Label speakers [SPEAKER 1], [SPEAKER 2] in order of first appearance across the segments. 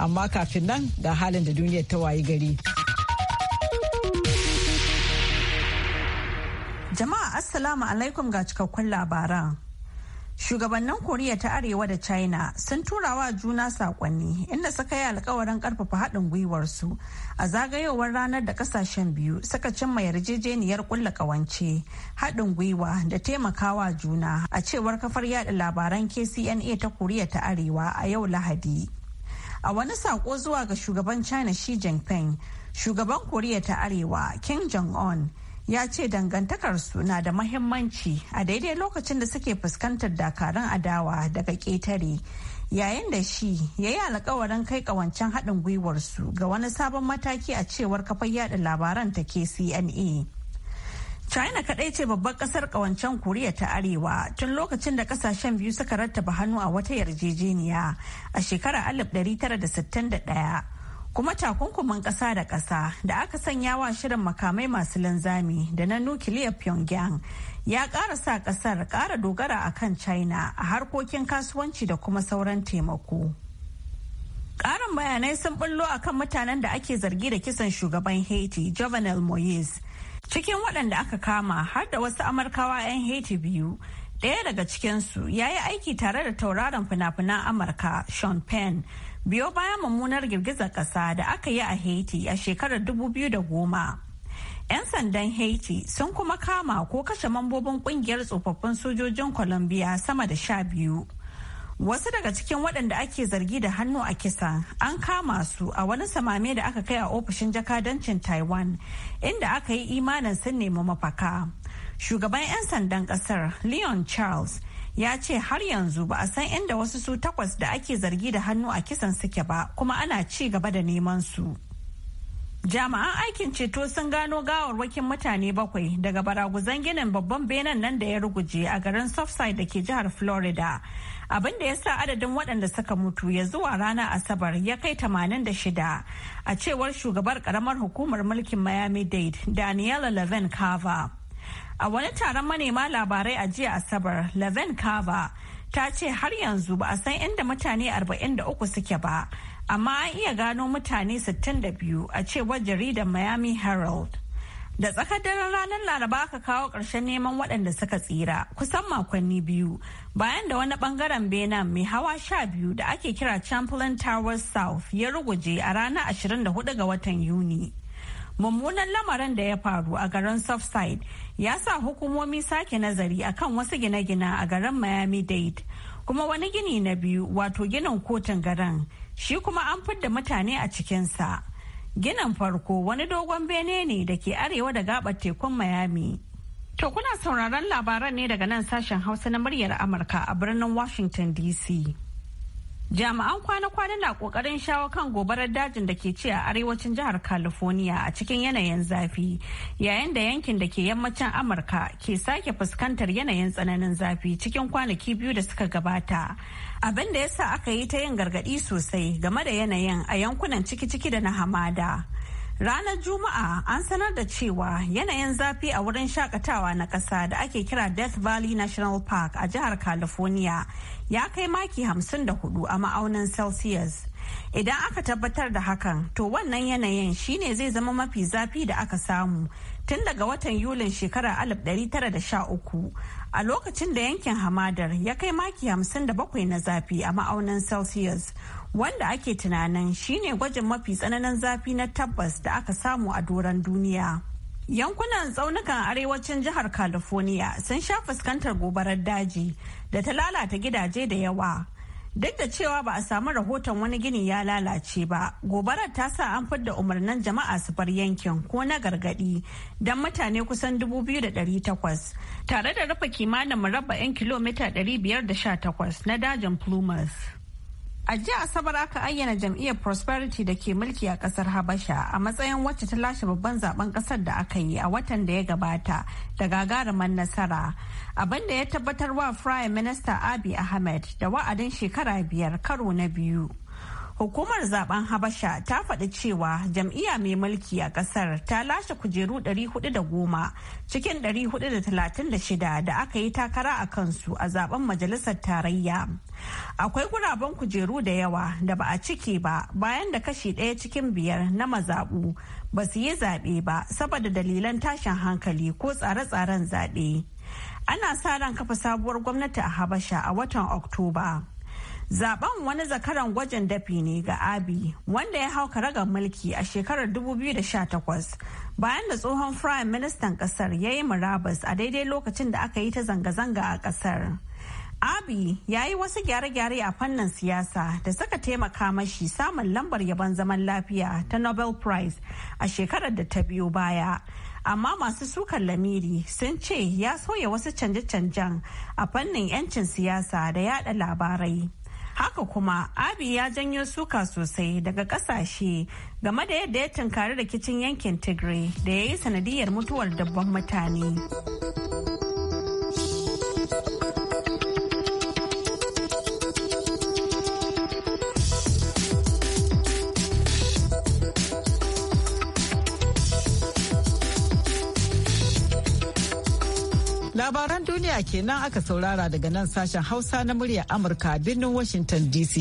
[SPEAKER 1] amma kafin nan ga halin da duniyar ta wayi gari.
[SPEAKER 2] Jama'a Assalamu alaikum ga cikakkun labaran. Shugabannin Koriya ta Arewa da China sun turawa juna saƙonni inda suka yi alkawarin karfafa haɗin gwiwarsu a zagayowar ranar da kasashen biyu suka cimma yarjejeniyar kulla ƙawance haɗin gwiwa da taimakawa juna a cewar kafar yada labaran KCNA ta Koriya ta Arewa a yau Lahadi. A wani saƙo zuwa ga shugaban China Xi Jinping, shugaban Koriya ta Arewa Kim Jong-un ya ce dangantakarsu na da mahimmanci a daidai lokacin da suke fuskantar dakarun adawa daga ƙetare. Yayin da shi ya yi alkawarin kai ƙawancen haɗin gwiwarsu ga wani sabon mataki a cewar kafar yada labaran ta KCNA. China kaɗai ce babbar ƙasar ƙawancen Koriya ta Arewa tun lokacin da ƙasashen biyu suka rattaba hannu a wata yarjejeniya a shekarar 1961 kuma takunkumin ƙasa da ƙasa da aka sanya wa shirin makamai masu linzami da na nukiliyar Pyongyang ya ƙara sa ƙasar ƙara dogara a kan China a harkokin kasuwanci da kuma sauran taimako. Ƙarin bayanai sun bullo akan mutanen da ake zargi da kisan shugaban Haiti, Jovenel Moise. Cikin waɗanda aka kama har da wasu Amurkawa 'yan Haiti biyu, ɗaya daga cikinsu ya yi aiki tare da tauraron fina-finan Amurka Sean Penn. Biyo bayan mummunar girgizar ƙasa da aka yi a Haiti a shekarar 2010. 'yan sandan haiti sun kuma kama ko kashe mambobin ƙungiyar tsofaffin sojojin Columbia sama da sha biyu Wasu daga cikin waɗanda ake zargi da hannu a kisa an kama su a wani samame da aka kai a ofishin jakadancin Taiwan inda aka yi imanin sun nemi mafaka. Shugaban 'yan sandan ƙasar Leon Charles ya ce har yanzu ba a san inda wasu su takwas da ake zargi da hannu a kisan suke ba kuma ana ci gaba da neman su. Jami'an aikin ceto sun gano gawarwakin mutane bakwai daga baraguzan ginin babban benen nan da ya ruguje a garin Southside da ke jihar Florida. Abin da ya sa adadin waɗanda suka mutu ya zuwa rana Asabar ya kai 86 a cewar shugabar karamar hukumar mulkin Miami-Dade Daniela Levin Carver. A wani taron manema labarai a jiya Asabar, Levin Carver ta ce har yanzu ba a san inda mutane 43 suke ba. amma an iya gano mutane 62 a cewar jaridar miami herald da tsakar daren ranar laraba aka kawo ƙarshen neman waɗanda suka tsira kusan makonni biyu bayan da wani ɓangaren benin mai hawa sha biyu da ake kira champlain towers south ya ruguje a ranar 24 ga watan yuni mummunan lamarin da ya faru a garin southside ya sa hukumomi sake nazari akan wasu gine-gine a garin miami dade kuma wani gini na biyu wato ginin kotun garin shi kuma an fidda mutane a cikinsa. Ginin farko wani dogon bene ne da ke arewa da gabar tekun Miami. To kuna sauraron labaran ne daga nan sashen Hausa na muryar Amurka a birnin Washington DC. Jami'an kwana-kwana na kokarin shawo kan gobarar dajin da ke ci a arewacin jihar California a cikin yanayin zafi, yayin da yankin da ke yammacin Amurka ke sake fuskantar yanayin tsananin zafi cikin kwanaki biyu da suka gabata. Abin da ya sa aka yi ta yin gargadi sosai game da yanayin a yankunan ciki-ciki da na hamada. Ranar Juma'a an sanar da cewa yanayin zafi a wurin shakatawa na ƙasa da ake kira Death Valley National Park a jihar California ya kai maki 54 a ma'aunin Celsius. Idan aka tabbatar da hakan, to wannan yanayin shine zai zama mafi zafi da aka samu tun daga watan Yulin shekarar 1913 a lokacin da yankin hamadar ya kai maki 57 na zafi a ma'aunin Celsius. wanda ake tunanin shine gwajin mafi tsananin zafi na tabbas da aka samu a doron duniya. Yankunan tsaunukan arewacin jihar California sun sha fuskantar gobarar daji da ta lalata gidaje da yawa. Duk da cewa ba a samu rahoton wani gini ya lalace ba, gobarar ta sa an fidda umarnin jama'a su bar yankin ko na gargadi don mutane kusan 2,800 tare da rufe kimanin murabba'in kilomita 518 na dajin Plumas. A jiya Asabar aka ayyana jam'iyyar Prosperity da ke mulki a kasar Habasha a matsayin wacce ta lashe babban zaben kasar da aka yi a watan da ya gabata da gagaruman nasara. Abin da ya tabbatar wa Prime Minister Abiy Ahmed da wa'adin shekara biyar karo na biyu. Hukumar zaben Habasha ta faɗi cewa jam'iyya mai mulki a ƙasar ta lashe kujeru 410 cikin 436 da aka yi takara a kansu a zaben majalisar tarayya. Akwai guraben kujeru da yawa da ba a cike ba bayan da kashi ɗaya cikin biyar na mazaɓu ba su yi zaɓe ba saboda dalilan tashin hankali ko tsare-tsaren zaɓe. Ana sa ran kafa sabuwar gwamnati a Habasha a watan Oktoba. Zaben wani zakaran gwajin dafi ne ga Abi wanda ya hau karagar mulki a shekarar 2018 bayan da tsohon firayim ministan kasar ya yi murabas a daidai lokacin da aka yi ta zanga-zanga a kasar. Abi ya yi wasu gyare-gyare a fannin siyasa da suka taimaka mashi samun lambar yaban zaman lafiya ta Nobel Prize a shekarar da ta biyo baya. amma masu sukan lamiri sun ce ya sauya wasu canje-canjen a fannin 'yancin siyasa da yada labarai haka kuma abi ya janyo suka sosai daga kasashe game da yadda ya tunkari kicin yankin tigray da ya yi sanadiyar mutuwar dabban mutane
[SPEAKER 1] labaran duniya kenan aka saurara daga nan sashen Hausa na murya Amurka birnin Washington DC.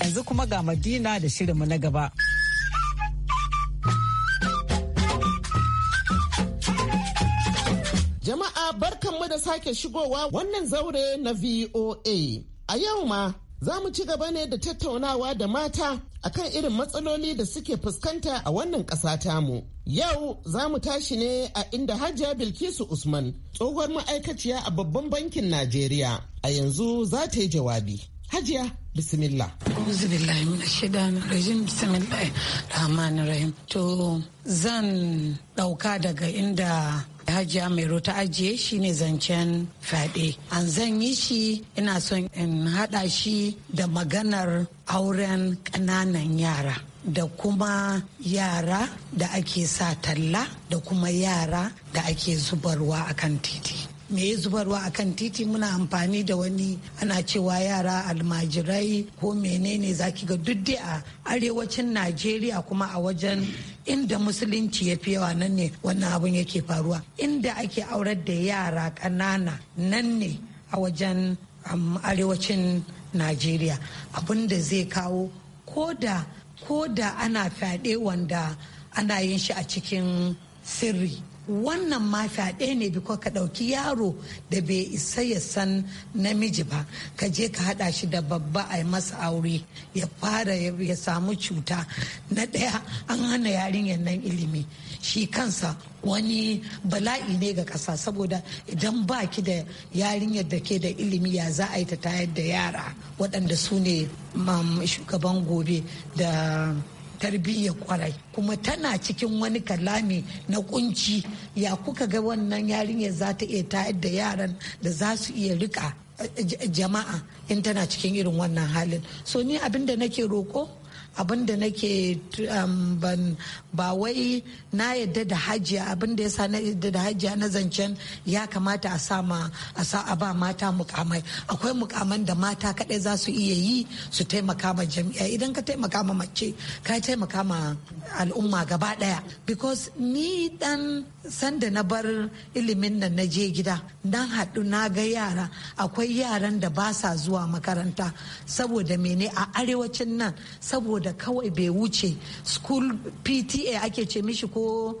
[SPEAKER 1] Yanzu kuma ga Madina da shirinmu na gaba.
[SPEAKER 3] Jama'a barkanmu da sake shigowa wannan zaure na VOA. A yau ma Za mu ci gaba ne da tattaunawa da mata a kan irin matsaloli da suke fuskanta a wannan ƙasa tamu. Yau za mu tashi ne a inda Hajiya Bilkisu Usman, tsohuwar ma'aikaciya a babban bankin Najeriya, a yanzu za ta yi jawabi. Hajiya Bismillah.
[SPEAKER 4] Bismillah, billahi shida na rajim bismillah rahman rahim. To zan dauka daga inda Hajiya Mairo ta ajiye shi ne zancen fyaɗe. An zan yi shi ina son in haɗa shi da maganar auren ƙananan yara. da kuma yara da ake sa talla da kuma yara da ake zubarwa a kan titi me ya zubarwa akan titi muna amfani da wani ana cewa yara almajirai ko menene zaki ga duk a arewacin najeriya kuma a wajen inda musulunci ya fi yawa nan ne wannan abun yake faruwa inda ake aurar da yara ƙanana nan ne a wajen arewacin najeriya abun da zai kawo koda koda ana fyaɗe wanda ana yin shi a cikin sirri wannan ma fyaɗe ne biko ka ɗauki yaro da bai isa ya san namiji ba ka je ka haɗa shi da babba a masa aure ya fara ya samu cuta na ɗaya an hana yarinyar nan ilimi shi kansa wani bala'i ne ga ƙasa saboda idan baki da yarinyar da ke da ilimi ya za a yi ta tayar da yara waɗanda su ne um, shugaban gobe da tarbiyyar kwarai kuma tana cikin wani kalami na kunci ya kuka ga wannan yarinyar za ta iya tayar da yaran da za su iya rika eh, jama'a in tana cikin irin wannan halin so ni abin da nake roko abin da nake um, ban ba wai na yadda da hajiya abin da sa na yadda da hajiya na zancen ya kamata a sama a sa a ba mata mukamai akwai mukaman da mata kadai za su iya yi su taimaka ma jami'a idan ka taimaka ma mace ka taimaka ma al'umma gaba daya because ni dan sanda na bar ilimin nan na je gida dan haɗu na ga yara akwai yaran da ba sa zuwa makaranta saboda mene a arewacin nan saboda saboda kawai bai wuce school pta ake ce mishi ko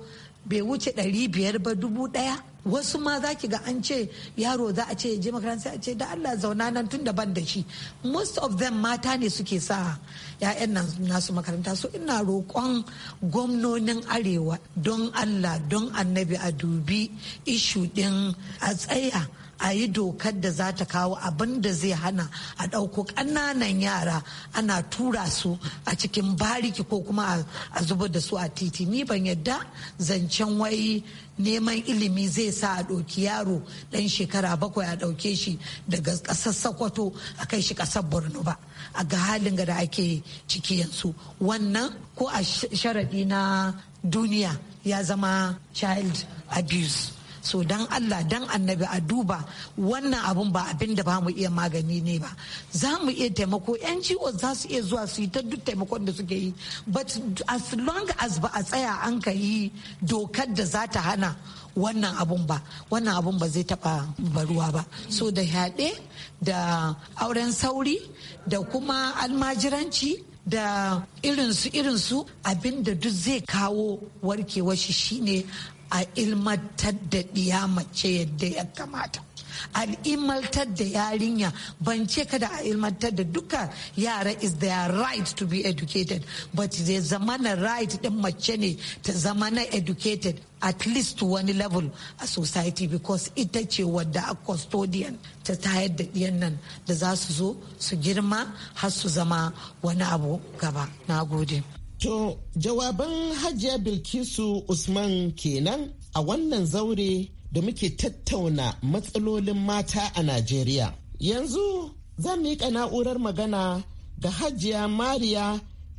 [SPEAKER 4] bai wuce ɗari biyar ba dubu daya wasu ma za ki ga an ce yaro za a ce je makaranta a ce da Allah zauna nan tun daban da shi most of them mata ne suke sa ya'yan nan nasu makaranta so ina roƙon gwamnonin arewa don Allah don annabi a dubi ishu din a tsaya a yi dokar da za ta kawo abin da zai hana a ɗauko ƙananan yara ana tura su a cikin bariki ko kuma a zuba da su a titi ni ban yadda zancen wai neman ilimi zai sa a ɗauki yaro ɗan shekara bakwai a ɗauke shi daga ƙasar sokoto a kai shi ƙasar borno ba a ga halin da ake ciki yanzu wannan ko a sharaɗi na duniya ya zama child abuse so don Allah dan annabi a duba wannan abun ba abin da ba mu iya magani ne ba za mu iya taimako yan ciwo za su iya zuwa su yi ta duk taimakon da suke yi but as long as ba a tsaya an ka yi dokar da za ta hana wannan abun ba wannan abun ba zai taba baruwa ba so da yaɗe da auren sauri da kuma almajiranci da irinsu irinsu abinda duk zai kawo warkewar shi shine a ilmantar da ɗiya mace yadda ya kamata a ilmantar da yarinya ban ce kada a ilmantar da duka yara is their right to be educated but zai zama na right din mace ne ta zama na educated at least to wani level a society because ita ce wadda a custodian ta tayar da ɗiyan nan da za su zo su girma har su zama wani abu gaba na gode
[SPEAKER 3] To jawaban Hajiya Bilkisu Usman kenan a wannan zaure da muke tattauna matsalolin mata a Najeriya. Yanzu zan miƙa na'urar magana ga Hajiya Mariya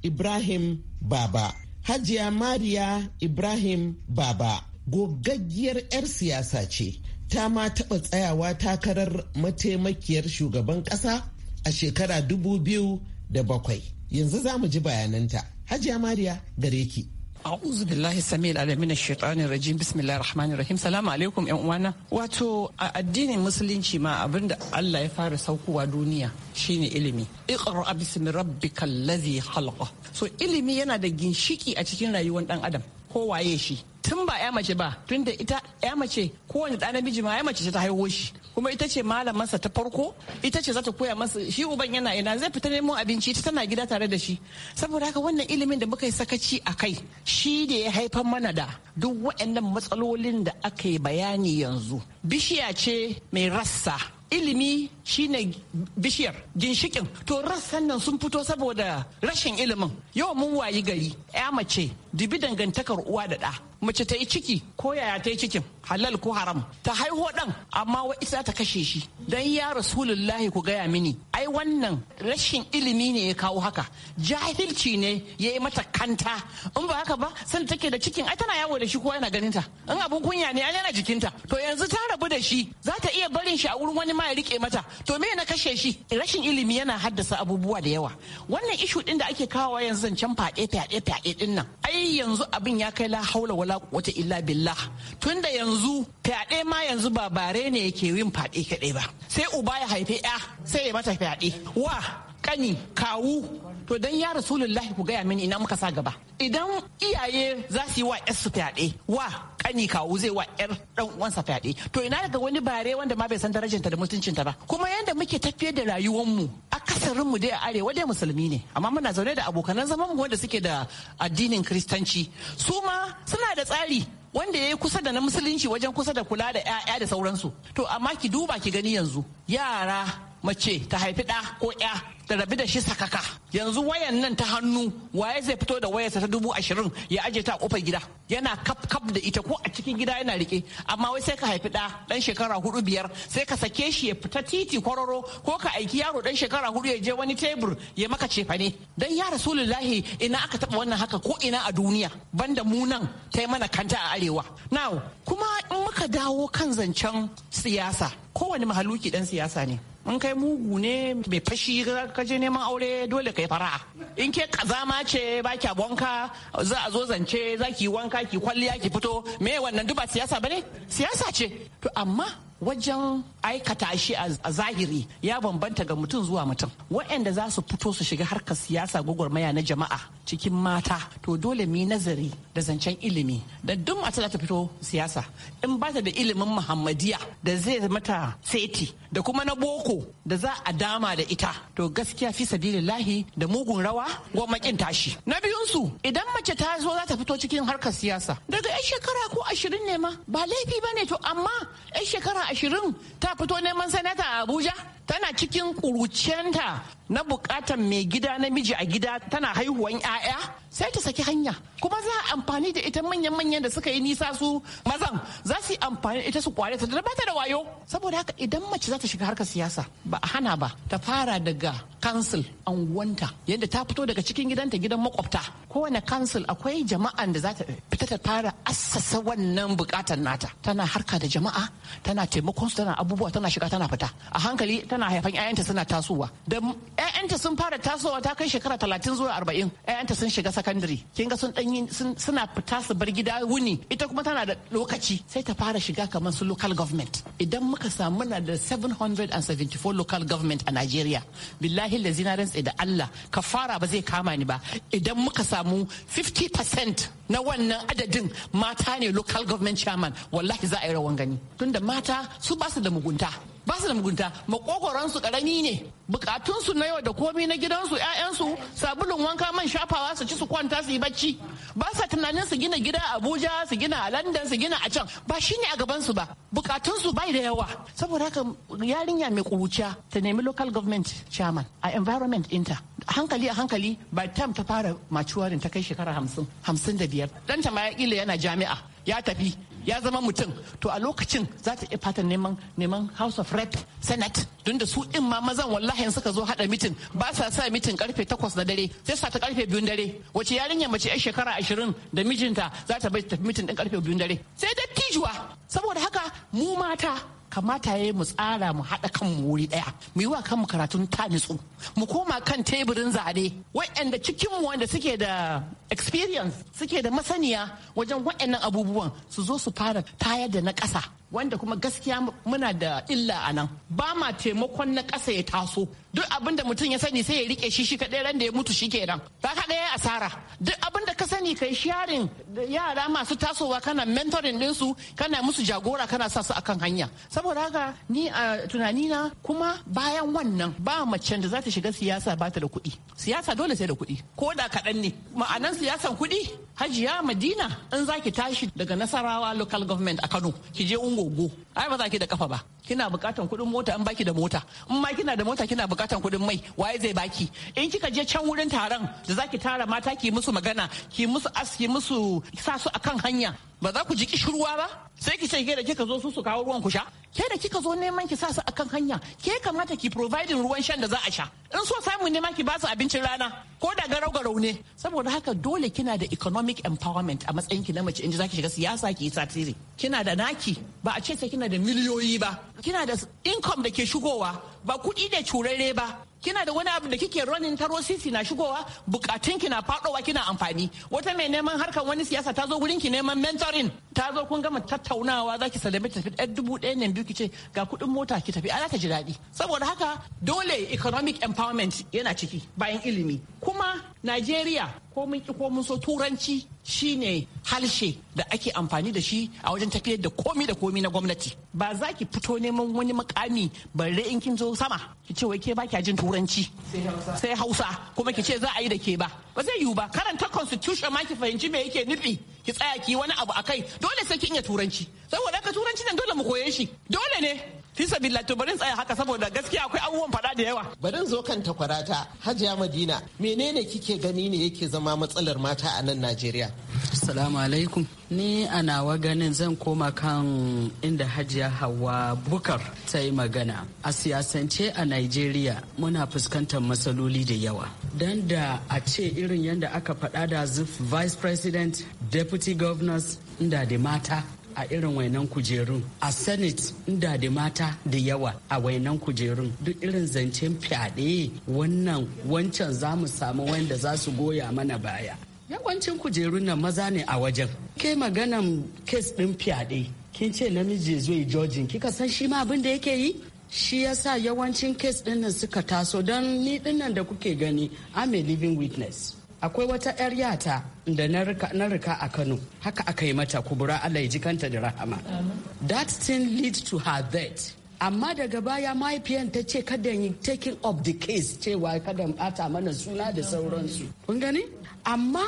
[SPEAKER 3] Ibrahim Baba. Hajiya Mariya Ibrahim Baba gogaggiyar 'yar siyasa ce, ta ma taɓa tsayawa takarar mataimakiyar shugaban ƙasa a shekara dubu biyu da bakwai. Yanzu za mu ji bayananta. hajiya mariya gare ki
[SPEAKER 5] A'udhu billahi samil alamin shaitanin rajim bismillahir rahmanir rahim salamu alaikum yan uwana wato a addinin musulunci ma abinda Allah ya fara saukowa duniya shine ilimi iqra bismi rabbikal ladhi khalaqa so ilimi yana da ginshiki a cikin rayuwar dan adam ko waye shi tun ba ya mace ba tun da ita ya mace kowane ɗa namiji ma ya mace ta haihuwa shi kuma ita ce malamansa ta farko ita ce za ta koya masa shi uban yana ina zai fita nemo abinci ita tana gida tare da shi saboda haka wannan ilimin da muka yi sakaci a kai shi da ya haifar mana da duk waɗannan matsalolin da aka yi bayani yanzu bishiya ce mai rassa ilimi shine bishiyar ginshikin to rassan nan sun fito saboda rashin ilimin yau mun wayi gari ya mace dubi dangantakar uwa da ɗa mace ta yi ciki ko yaya ta yi cikin halal ko haram ta haihuwa ɗan amma wa isa ta kashe shi dan ya rasulullahi ku gaya mini ai wannan rashin ilimi ne ya kawo haka jahilci ne ya yi mata kanta in ba haka ba san take da cikin ai tana yawo da shi kowa yana ganin ta in abun kunya ne ai yana jikinta to yanzu ta rabu da shi za ta iya barin shi a wurin wani ma ya rike mata to me na kashe shi rashin ilimi yana haddasa abubuwa da yawa wannan ishu din da ake kawowa yanzu zancen fade fade fade din nan ai yanzu abin ya kai la haula wala wata illa billah tunda yanzu fyaɗe ma yanzu ba bare ne yake yin fyaɗe kaɗai ba sai uba ya haife ya sai ya mata fyaɗe wa kani kawu to dan ya rasulullahi ku gaya mini ina muka sa gaba idan iyaye za su yi wa su fyaɗe wa kani kawu zai wa yar dan uwansa fyaɗe to ina daga wani bare wanda ma bai san darajarta da mutuncinta ba kuma yanda muke tafiyar da rayuwar mu akasarin mu dai a arewa dai musulmi ne amma muna zaune da abokanan zaman mu wanda suke da addinin kristanci su ma suna da tsari wanda ya yi kusa da na musulunci wajen kusa da kula da 'ya'ya da sauransu to amma ki duba ki gani yanzu yara mace ta haifi ɗa ko 'ya da rabi da shi sakaka yanzu wayan nan ta hannu waye zai fito da wayarsa ta dubu ashirin ya aje ta a kofar gida yana kap kap da ita ko a cikin gida yana rike amma wai sai ka haifi da dan shekara hudu biyar sai ka sake shi ya fita titi kwararo ko ka aiki yaro dan shekara hudu ya je wani tebur ya maka cefane dan ya rasulullahi ina aka taba wannan haka ko ina a duniya banda mu nan ta yi mana kanta a arewa now kuma in muka dawo kan zancen siyasa kowane mahaluki dan siyasa ne in kai mugu ne mai fashi ka je neman aure dole kai fara'a in ke kazama ce ba kya wanka za a zo zance za ki wanka ki kwalliya ki fito me wannan duba siyasa bane siyasa ce to amma wajen aikata shi a zahiri ya bambanta ga mutum zuwa mutum waɗanda za su fito su shiga harkar siyasa gwagwarmaya na jama'a cikin mata to dole mu nazari da zancen ilimi da duk mata za ta fito siyasa in ba ta da ilimin muhammadiya da zai mata seti da kuma na boko da za a dama da ita to gaskiya fi sabilillahi da mugun rawa kin tashi na biyunsu idan mace ta zo za ta fito cikin harkar siyasa daga 'yan shekara ko ashirin ne ma ba laifi ba ne to amma 'yan shekara ashirin ta fito neman sanata a abuja tana cikin ƙuruciyanta na buƙatar mai gida namiji a gida tana haihuwan 'ya'ya sai ta saki hanya kuma za a amfani da ita manyan-manyan da suka yi nisa su mazan za su yi amfani ita su kware ta da ba ta da wayo saboda haka idan mace za ta shiga harkar siyasa ba a hana ba ta fara daga kansil anguwanta yadda ta fito daga cikin gidanta gidan makwabta kowane kansil akwai jama'an da za ta fita ta fara assasa wannan bukatar nata tana harka da jama'a tana taimakon su tana abubuwa tana shiga tana fita a hankali tana haifan 'ya'yanta suna tasowa da 'ya'yanta sun fara tasowa ta kai shekara talatin zuwa arba'in 'ya'yanta sun shiga secondary kin ga sun yi suna fita su bar gida wuni ita kuma tana da lokaci sai ta fara shiga kamar su local government idan muka samu muna da 774 local government a nigeria billahi da rantsa da Allah ka fara ba zai kama ni ba idan muka samu 50% na wannan adadin mata ne local government chairman wallahi za a yi rawan gani tunda mata su ba su da mugunta ba su da mugunta makokoransu karami ne bukatunsu na yau da komi na gidansu 'ya'yansu sabulun wanka man shafawa su ci su kwanta su yi bacci ba sa tunanin su gina gida a abuja su gina a Landan su gina a can ba shi ne a gabansu ba bukatunsu bai da yawa saboda haka yarinya mai kuruciya ta nemi local government chairman a environment inter hankali a hankali by time ta fara macuwarin ta kai shekara hamsin hamsin da biyar ɗanta ma ya yana jami'a ya tafi ya zama mutum to a lokacin za ta iya fatan neman neman house of rep senate don da su in ma mazan wallahi suka zo hada mitin ba sa sa mitin karfe takwas na dare sai sa ta karfe biyun dare wace yarinya mace yar shekara ashirin da mijinta za ta bai tafi mitin din karfe biyun dare sai dattijuwa saboda haka mu mata kamata ya mu tsara mu haɗa kanmu wuri ɗaya mu yi wa kanmu karatun ta nitsu mu koma kan teburin zaɓe waɗanda cikinmu wanda suke da experience suke da masaniya wajen waɗannan abubuwan su zo su fara tayar da na ƙasa wanda kuma gaskiya muna da illa a nan ba ma taimakon na ƙasa ya taso duk abin da mutum ya sani sai ya rike shi shi kaɗai ran da ya mutu shi kenan ba ka ɗaya asara duk abin da ka sani kai sharin yara masu tasowa kana mentoring ɗinsu kana musu jagora kana sa su akan hanya saboda haka ni a tunanina kuma bayan wannan ba macen da za ta shiga siyasa ba ta da kuɗi siyasa dole sai da kuɗi ko da kaɗan ne ma'anan siyasan kuɗi hajiya madina in za ki tashi daga nasarawa local government a kano ki je ungo gogo ai ba za ki da kafa ba kina bukatan kuɗin mota in baki da mota in ma kina da mota kina bukatan kuɗin mai waye zai baki in kika je can wurin taron da zaki tara mata ki musu magana ki musu aski musu sa su akan hanya ba za ku ji kishirwa ba sai ki ce ke da kika zo su su kawo ruwan ku sha ke da kika zo neman ki sa su akan hanya ke kamata ki providing ruwan shan da za a sha in so samu ne ma ki ba su abincin rana ko da garau garau ne saboda haka dole kina da economic empowerment a matsayin ki na mace in ji zaki shiga siyasa ki satiri kina da naki ba a ce sai kina da miliyoyi ba kina da income da ke shigowa ba kuɗi da curare ba kina da wani abu da kike running taro sisi na shigowa bukatun ki na fadowa kina amfani wata mai neman harkar wani siyasa ta zo gurin ki neman mentoring ta zo kun gama tattaunawa zaki salame ta tafi ɗan dubu ɗaya ne biyu ki ga kuɗin mota ki tafi ana ta ji daɗi saboda haka dole economic empowerment yana ciki bayan ilimi kuma Najeriya ko mun ki ko mun so turanci shine halshe da ake amfani da shi a wajen tafiyar da komi da komi na gwamnati ba za ki fito neman wani makami bare in kin zo sama ki ce wai ke ba jin turanci sai hausa kuma ki ce za a yi da ke ba ba zai yiwu ba karanta constitution ma ki fahimci me yake nufi ki tsaya ki wani abu akai dole sai ki iya turanci saboda ka turanci nan dole mu koye shi dole ne fi sabilla to
[SPEAKER 3] bari tsaya haka saboda gaskiya akwai abubuwan fada da yawa Barin zo kan takwara ta hajiya madina menene kike gani ne yake zama matsalar mata a nan najeriya
[SPEAKER 6] assalamu alaikum ni a nawa ganin zan koma kan inda hajiya hawa bukar ta yi magana a siyasance a najeriya muna fuskantar matsaloli da yawa don da a ce irin yadda aka faɗa da vice president deputy governors da da mata a irin wainan kujerun a senate inda da mata da yawa a wainan kujerun duk irin zancen fyaɗe wannan wancan za mu samu wanda za su goya mana baya yawancin kujerun nan maza ne a wajen ke maganan kes ɗin fyaɗe kin ce namiji zai jojin kika san shi ma abin da yake yi shi yasa yawancin kes ɗin nan suka taso don ni ɗin nan da kuke gani i'm a living witness akwai wata 'yar yata da na rika a kano haka aka yi mata kubura allah ya ji kanta da rahama that thing lead to her death amma daga baya mahaifiyan ta ce kada yi taking of the case cewa kada bata mana suna da sauransu kun gani amma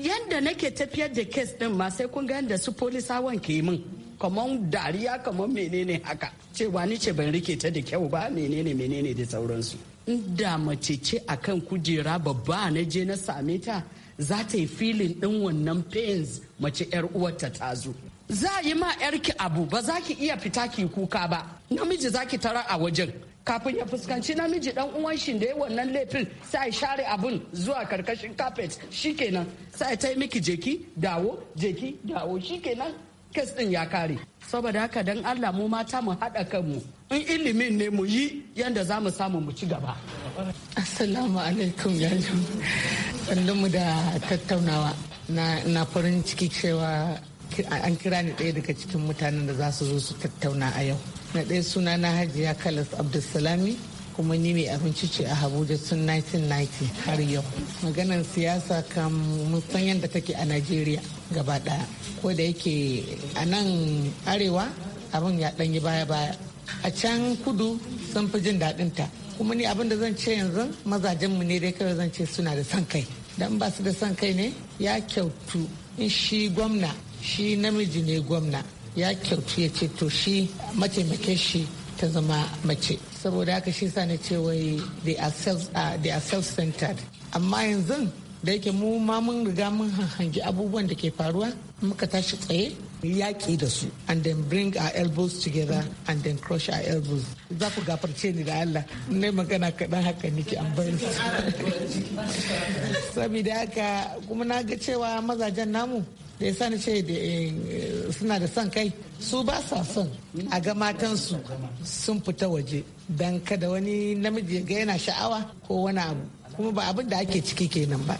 [SPEAKER 6] yadda nake tafiyar da case din ma sai kun gani da su polisawan ke min kamar dariya kamar menene haka cewa ni ce ban rike ta da kyau ba menene menene da sauransu inda mace ce a kan kujera babba na je na same ta za ta yi filin ɗin wannan pains mace yar uwarta ta zo za yi ma yarki abu ba za ki iya fita ki kuka ba namiji za ki tara a wajen kafin ya fuskanci namiji dan uwan shi da ya wannan laifin sai share abun zuwa karkashin carpet shikenan sai ta yi miki jeki dawo jeki dawo shikenan kes din ya kare saboda haka don allah mu mata mu haɗa kanmu in ilimin ne mu yi yadda za mu samu mu ci gaba assalamu alaikum yanzu
[SPEAKER 7] mu da tattaunawa na farin ciki cewa an kira ni ɗaya daga cikin mutanen da za su zo su tattauna a yau na ɗaya suna na hajiya kalas abdulsalami kuma ni mai abinci ce a Habuja tun 1990 har yau. Maganar siyasa kan musan yadda take a Najeriya gaba ɗaya. Ko da yake a nan arewa abin ya ɗanyi baya-baya. A can kudu sun fi jin daɗin ta. Kuma ni abin da zan ce yanzu mazajenmu ne dai kawai zan ce suna da son kai. Dan ba su da san kai ne ya kyautu in shi gwamna shi namiji ne gwamna ya kyautu ya ce to shi mataimakin shi ta zama mace saboda haka shi sa na ce wai they are uh, self-centered amma yanzu da yake mu ma mun riga mun hangi abubuwan da ke faruwa muka tashi tsaye yaƙi da su and then bring our elbows together and then crush our elbows za ku gafarce ni da Allah ne magana kaɗan haka nake an su. saboda haka kuma na ga cewa mazajen namu da ya sani ce eh, suna da son kai su ba sa son a ga matansu sun fita waje don kada wani namiji ya ga yana sha'awa ko wani abu kuma ba abin da ake ciki kenan ba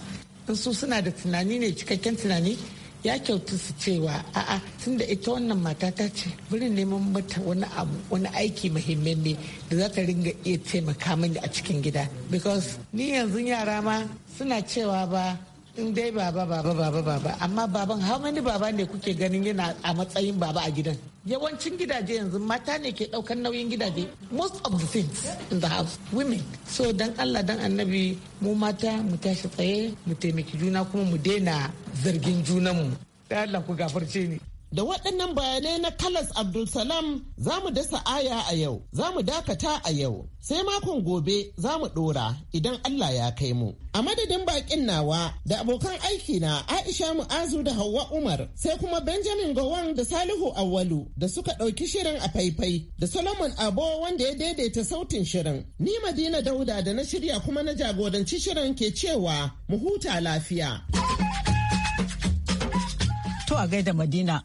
[SPEAKER 7] in su suna da tunani ne cikakken tunani ya kyautu su cewa a'a tun da ita wannan mata ta ce bari neman mata wani abu wani aiki ne da za ta ringa iya taimaka mini a cikin gida because ni yanzu yara ma suna cewa ba in dai baba baba baba baba amma baban how many baba ne kuke ganin yana a matsayin baba a gidan yawancin gidaje yanzu mata ne ke daukan nauyin gidaje most of the things in the house women so dan Allah dan annabi mu mata mu tashi
[SPEAKER 3] tsaye mu taimaki juna kuma mu daina zargin junanmu da Allah ku gafarce ni Da waɗannan bayanai na Kalas Abdulsalam za mu dasa aya a yau, za mu dakata a yau, sai makon gobe za mu ɗora idan Allah ya kai mu. A madadin baƙin nawa da abokan aiki na Aisha Mu'azu da Hauwa Umar, sai kuma Benjamin Gowon da Salihu Awalu da suka ɗauki shirin a faifai da Solomon Abo wanda ya daidaita sautin shirin. Ni Madina Dauda da na shirya kuma na jagoranci shirin ke cewa mu huta lafiya. To a gaida Madina.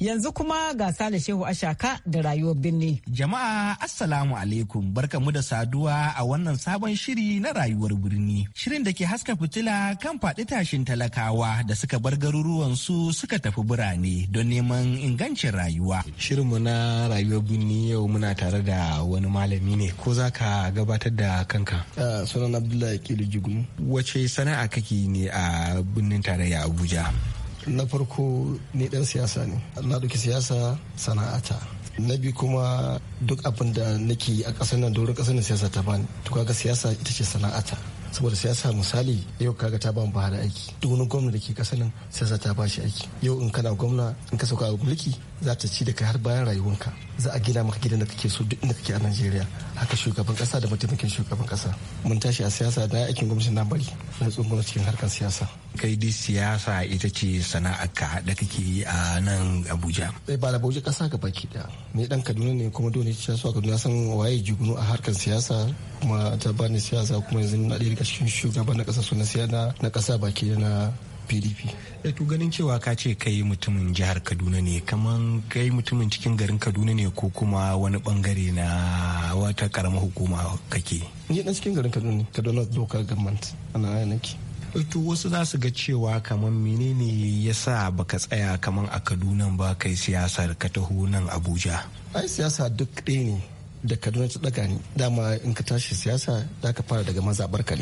[SPEAKER 1] Yanzu kuma ga Sale Shehu Ashaka da rayuwar birni. Jama'a Assalamu alaikum barkamu da
[SPEAKER 8] saduwa a wannan sabon shiri na rayuwar birni. Shirin da ke haska fitila kan faɗi tashin talakawa da suka bar garuruwan su suka tafi birane don neman ingancin rayuwa. Shirinmu na rayuwar birni yau muna tare da wani malami ne ko za ka gabatar da kanka? Uh, ah, Sunan Abdullahi Kilu Wace sana'a kake ne a birnin tarayya Abuja? na farko ni dan siyasa ne na duki siyasa sana'ata na bi kuma duk abin da nake a ƙasar nan doron ƙasar nan siyasa ta bani to kaga siyasa ita ce sana'ata saboda siyasa misali yau kaga ta ba mu aiki duk wani gwamna da ke kasa nan siyasa ta ba shi aiki yau in kana gwamna in ka sauka a mulki za ta ci da kai har bayan rayuwanka za a gina maka gidan da kake so duk inda kake a Najeriya haka shugaban kasa da mataimakin shugaban kasa mun tashi a siyasa da aikin gwamnati na bari na tsungula cikin harkar siyasa kai dai siyasa ita ce sana'arka da kake yi a nan Abuja sai eh, ba da Abuja kasa ga baki da ni dan Kaduna ne kuma dole ne ci so Kaduna san waye jigunu a harkar siyasa kuma ta bani siyasa kuma yanzu na cikin shugaban na ƙasa sunan siya na ƙasa baki na pdp da eh, to ganin cewa ka ce kai mutumin jihar kaduna ne kaman kai mutumin cikin garin kaduna ne ko kuma wani bangare na wata karamar hukuma kake ni dan cikin garin kaduna ne kaduna local government ana yanki eh, to wasu za su ga cewa kaman menene ya sa baka tsaya kamar a kaduna ba kai siyasar ka taho nan abuja ai siyasa duk ɗaya ne da kaduna ta daga ni dama in ka tashi siyasa za ka fara daga mazabar ka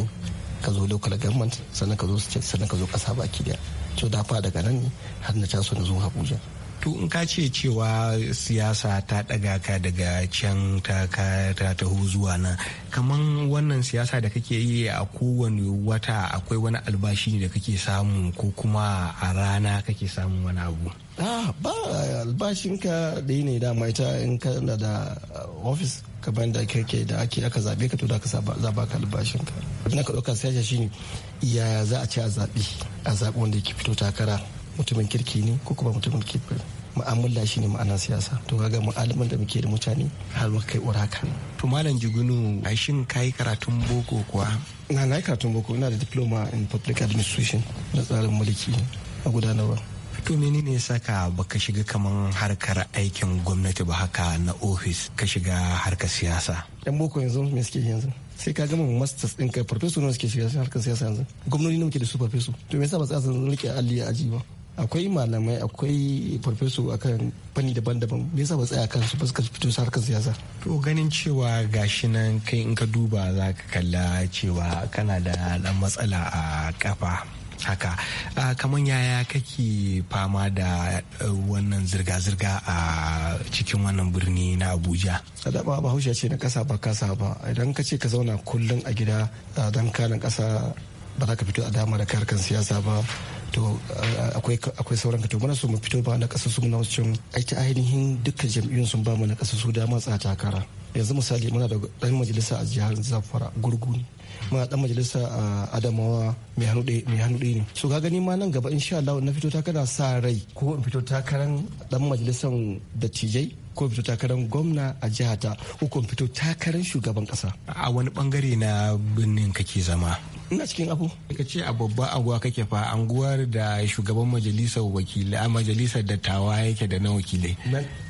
[SPEAKER 8] ka zo local government sannan ka zo state sannan ka zo kasa baki daya to da fara daga nan har na taso na zo abuja to in ka ce cewa siyasa ta ɗaga ka daga can ta ka ta taho zuwa nan kaman wannan siyasa da kake yi a kowane wata akwai wani albashi ne da kake samu ko kuma a rana kake samun wani abu ah ba albashinka da yi ne dama ita in kana da ofis ka bayan da kirke da ake aka zabe ka to da ka zaba ka albashinka na ka ɗaukar siyasa shi ya za a ce a zaɓi a zaɓi wanda yake fito takara mutumin kirki ne ko kuma mutumin kirki Ma'amulla shi ne ma'anar siyasa to kaga mu'alimin da muke da mutane har muka kai uraka to malam jigunu a shin yi karatun boko kuwa na na karatun boko ina da diploma in public administration na tsarin mulki a gudanarwa to menene ya saka baka shiga kaman harkar aikin gwamnati ba haka na ofis ka shiga harkar siyasa yan boko yanzu me suke yanzu sai ka gama masters din kai professor ne suke shiga harkar siyasa yanzu gwamnati ne muke da su professor to me yasa ba za su rike alli a aji ba akwai malamai akwai farfeso akan fanni daban-daban me yasa ba tsaya kan ba fuskar fito su harkar siyasa to ganin cewa gashi nan kai in ka duba za ka kalla cewa kana da dan matsala a kafa haka kamar yaya kake fama da eh, wannan zirga-zirga a cikin wannan birni na abuja ba bahaushe ce na kasa ba kasa ba idan ka ce ka zauna kullum a gida don kanin kasa ba za ka fito a dama da karkan siyasa ba to eh, akwai sauran ka to mana so mu fito ba na kasa su muna wasu cin aiki ainihin dukkan jam'iyyun sun ba mu na kasa su dama tsata takara yanzu misali muna da dan majalisa a jihar zafara gurgu ne muna dan majalisa a adamawa mai hannu ɗaya ne so ga gani ma nan gaba insha Allah na fito takara sa rai ko in fito takaran dan majalisan dattijai ko fito takarar gwamna a jihata ko fito takarar shugaban kasa. A wani bangare na birnin kake zama? Ina cikin abu. Ka ce a babba anguwa kake fa anguwar da shugaban majalisar wakilai a majalisar dattawa yake da na wakilai.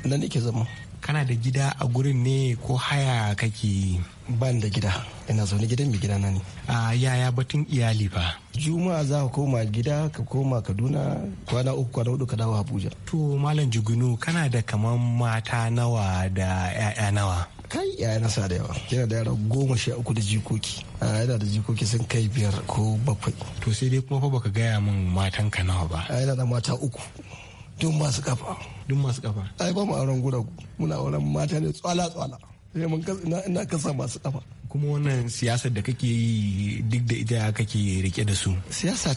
[SPEAKER 8] Nan nake zama. kana da gida a gurin ne ko haya kake ban da gida ina zaune gidan mai gida na ne a yaya batun iyali ba juma'a za ka koma gida ka koma kaduna kwana uku kwana hudu ka dawo abuja to malam jigunu kana da kaman mata nawa da 'ya'ya nawa kai yaya sa da yawa yana da yara goma sha uku da jikoki yana da jikoki sun kai biyar ko bakwai to sai dai kuma fa baka gaya min matan ka nawa ba yana da mata uku duk masu kafa duk masu kafa ai ba mu auren guragu muna auren mata ne tsala tsala sai mun ina kasa masu kafa kuma wannan siyasar da kake yi duk da ita kake rike da su siyasa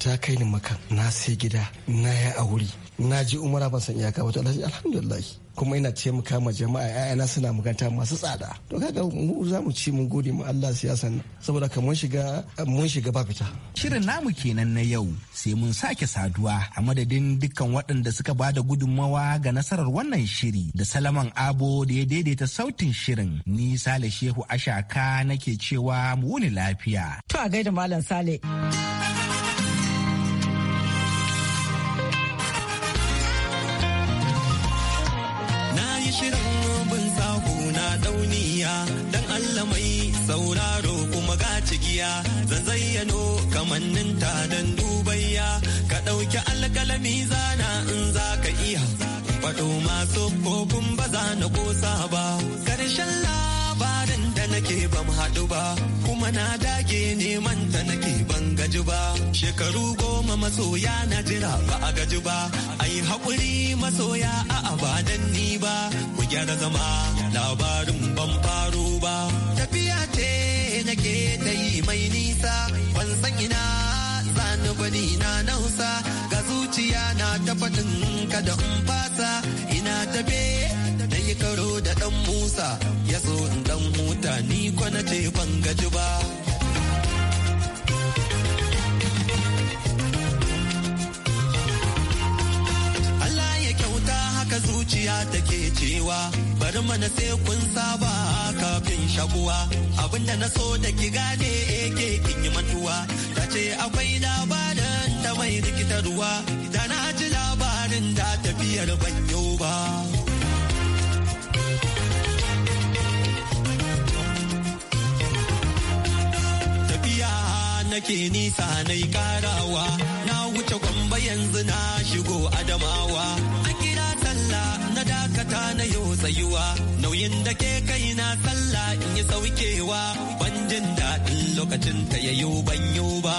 [SPEAKER 8] ta kai ni maka na sai gida na a wuri na je umara ban san iyaka to alhamdulillah kuma ina ce mu kama jama'a ƴaƴana suna maganta masu tsada to kaga mu za mu ci mun gode mu Allah san saboda ka mun shiga mun shiga ba fita shirin namu kenan na yau sai mun sake saduwa a madadin dukkan waɗanda suka ba da gudunmawa ga nasarar wannan shiri da Salaman Abo da ya daidaita sautin shirin ni Sale Shehu Ashaka
[SPEAKER 1] nake cewa mu wuni lafiya to a gaida malam Sale
[SPEAKER 9] zan zayyano kamannin ta don dubayya ka ɗauki alƙalami zana in za ka iya faɗo masu kofin ba za na ƙosa ba Karshen labarin da nake ban haɗu ba kuma na dage neman ta nake ban gaji ba shekaru goma masoya na jira ba a gaji ba ai haƙuri masoya a abadan ni ba ku gyara zama labarin ban faro ba tafiya ce ke nake ta yi mai nisa ban san ina zani bani na nausa ga zuciya na ta faɗin kada in fasa ina tafe na yi karo da ɗan musa ya so in ɗan huta ni kwanace ban gaji ba. zuciya take cewa bari mana sai kun saba kafin shakuwa abinda na so da ki gane ake eh, kin yi mantuwa ta ce akwai labarin da mai rikitarwa da na ji labarin da tafiyar banyo ba. nake nisa na karawa na wuce gwamba yanzu na shigo adamawa yau tsayuwa nauyin da ke kai na sallah in yi saukewa ban jin daɗin lokacin ta yayo ban yau ba.